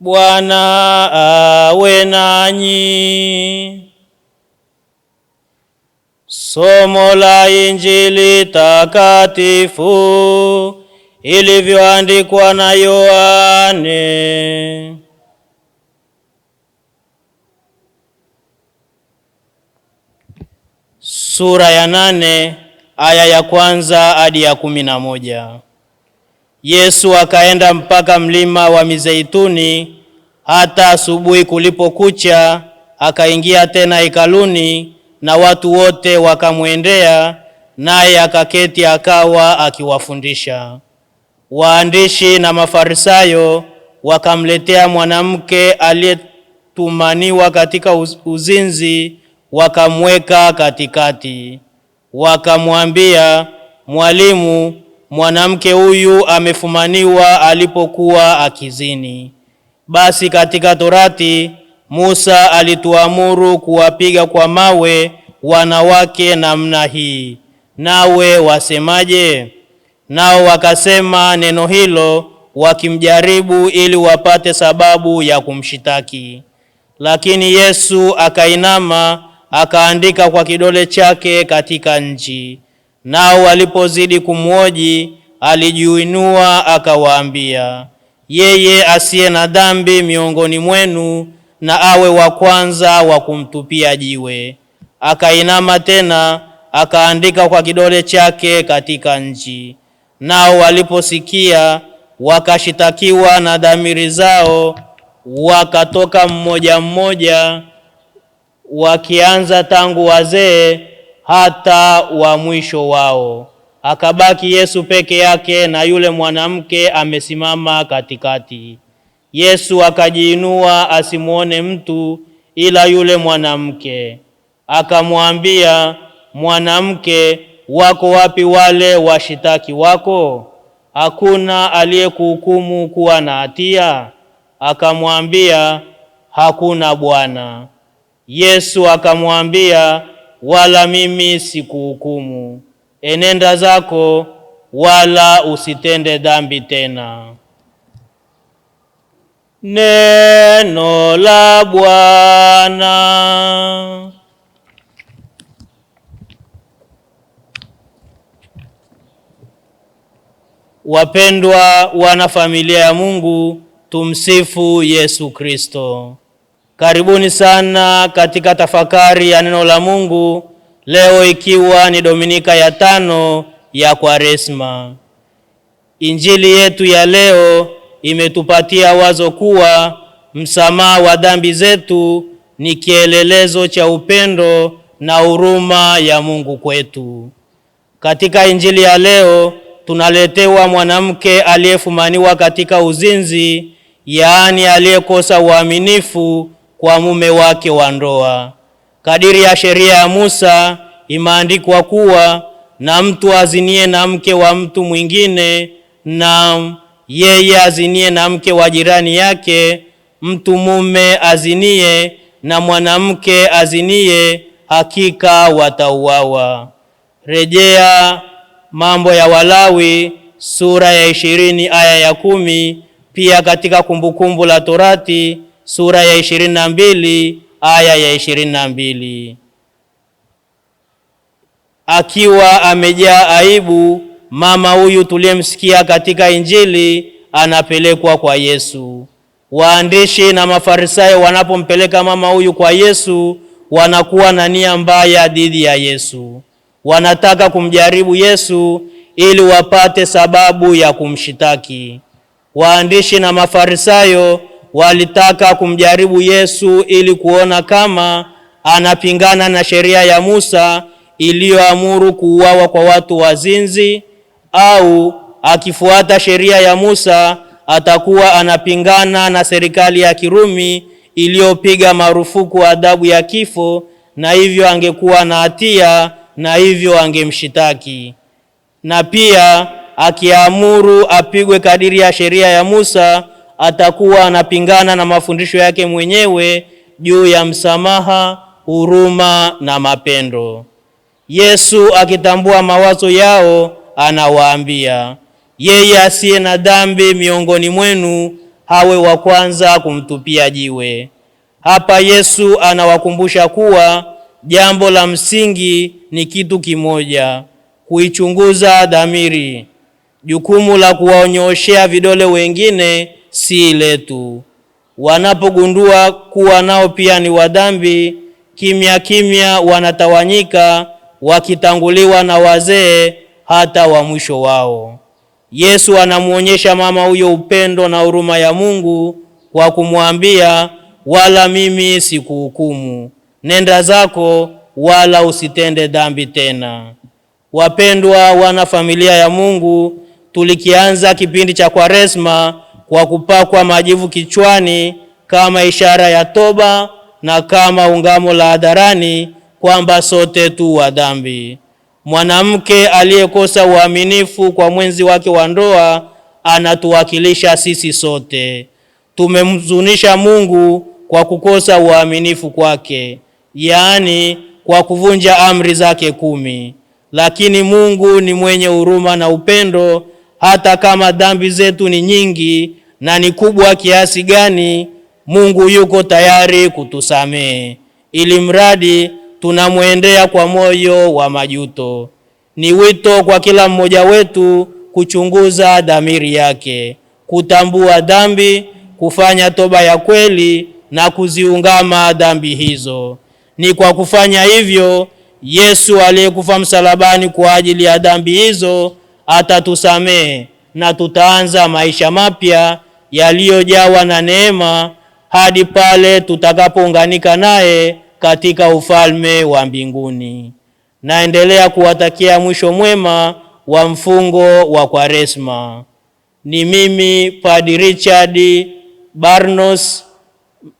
Bwana awe nanyi. Somo la Injili takatifu ilivyoandikwa na Yohane. Sura ya nane aya ya kwanza hadi ya kumi na moja. Yesu akaenda mpaka mlima wa Mizeituni. Hata asubuhi kulipokucha, akaingia tena hekaluni, na watu wote wakamwendea, naye akaketi, akawa akiwafundisha. Waandishi na Mafarisayo wakamletea mwanamke aliyetumaniwa katika uzinzi, wakamweka katikati, wakamwambia, Mwalimu, mwanamke huyu amefumaniwa alipokuwa akizini. Basi katika Torati Musa alituamuru kuwapiga kwa mawe wanawake namna hii, nawe wasemaje? Nao wakasema neno hilo wakimjaribu, ili wapate sababu ya kumshitaki. Lakini Yesu akainama akaandika kwa kidole chake katika nchi. Nao walipozidi kumwoji, alijuinua akawaambia, yeye asiye na dhambi miongoni mwenu na awe wa kwanza wa kumtupia jiwe. Akainama tena akaandika kwa kidole chake katika nchi. Nao waliposikia wakashitakiwa na dhamiri zao, wakatoka mmoja mmoja, wakianza tangu wazee hata wa mwisho wao. Akabaki Yesu peke yake na yule mwanamke amesimama katikati. Yesu akajiinua asimwone mtu ila yule mwanamke, akamwambia, Mwanamke, wako wapi wale washitaki wako? Hakuna aliyekuhukumu kuwa na hatia? Akamwambia, Hakuna, Bwana. Yesu akamwambia wala mimi sikuhukumu. Enenda zako, wala usitende dhambi tena. Neno la Bwana. Wapendwa wana familia ya Mungu, tumsifu Yesu Kristo. Karibuni sana katika tafakari ya neno la Mungu leo, ikiwa ni Dominika ya tano ya Kwaresma. Injili yetu ya leo imetupatia wazo kuwa msamaha wa dhambi zetu ni kielelezo cha upendo na huruma ya Mungu kwetu. Katika Injili ya leo tunaletewa mwanamke aliyefumaniwa katika uzinzi, yaani aliyekosa uaminifu kwa mume wake wa ndoa. Kadiri ya sheria ya Musa imeandikwa kuwa na mtu azinie na mke wa mtu mwingine, na yeye azinie na mke wa jirani yake, mtu mume azinie na mwanamke azinie, hakika watauawa. Rejea Mambo ya Walawi sura ya ishirini aya ya kumi. Pia katika Kumbukumbu la Torati sura ya 22 aya ya 22, akiwa amejaa aibu. Mama huyu tuliyemsikia katika Injili anapelekwa kwa Yesu. Waandishi na Mafarisayo wanapompeleka mama huyu kwa Yesu, wanakuwa na nia mbaya dhidi ya Yesu. Wanataka kumjaribu Yesu ili wapate sababu ya kumshitaki. Waandishi na Mafarisayo walitaka kumjaribu Yesu ili kuona kama anapingana na sheria ya Musa iliyoamuru kuuawa kwa watu wazinzi au akifuata sheria ya Musa atakuwa anapingana na serikali ya Kirumi iliyopiga marufuku adhabu ya kifo na hivyo angekuwa na hatia na hivyo angemshitaki. Na pia akiamuru apigwe kadiri ya sheria ya Musa atakuwa anapingana na mafundisho yake mwenyewe juu ya msamaha, huruma na mapendo. Yesu akitambua mawazo yao, anawaambia yeye asiye na dhambi miongoni mwenu hawe wa kwanza kumtupia jiwe. Hapa Yesu anawakumbusha kuwa jambo la msingi ni kitu kimoja, kuichunguza dhamiri. Jukumu la kuwaonyoshea vidole wengine si letu. wanapogundua kuwa nao pia ni wadhambi, kimya kimya wanatawanyika, wakitanguliwa na wazee hata wa mwisho wao. Yesu anamwonyesha mama huyo upendo na huruma ya Mungu kwa kumwambia, wala mimi sikuhukumu, nenda zako, wala usitende dhambi tena. Wapendwa wana familia ya Mungu, tulikianza kipindi cha Kwaresma kwa kupakwa majivu kichwani kama ishara ya toba na kama ungamo la hadharani kwamba sote tu wa dhambi. Mwanamke aliyekosa uaminifu kwa mwenzi wake wa ndoa anatuwakilisha sisi sote. Tumemzunisha Mungu kwa kukosa uaminifu kwake, yaani kwa kuvunja amri zake kumi. Lakini Mungu ni mwenye huruma na upendo, hata kama dhambi zetu ni nyingi na ni kubwa kiasi gani, Mungu yuko tayari kutusamehe ili mradi tunamwendea kwa moyo wa majuto. Ni wito kwa kila mmoja wetu kuchunguza dhamiri yake, kutambua dhambi, kufanya toba ya kweli na kuziungama dhambi hizo. Ni kwa kufanya hivyo Yesu aliyekufa msalabani kwa ajili ya dhambi hizo atatusamehe na tutaanza maisha mapya yaliyojawa na neema hadi pale tutakapounganika naye katika ufalme wa mbinguni. Naendelea kuwatakia mwisho mwema wa mfungo wa Kwaresma. Ni mimi padi Richard Barnos,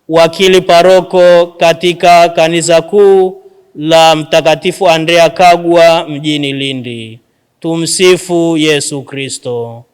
wakili paroko katika kanisa kuu la Mtakatifu Andrea Kagwa mjini Lindi. Tumsifu Yesu Kristo.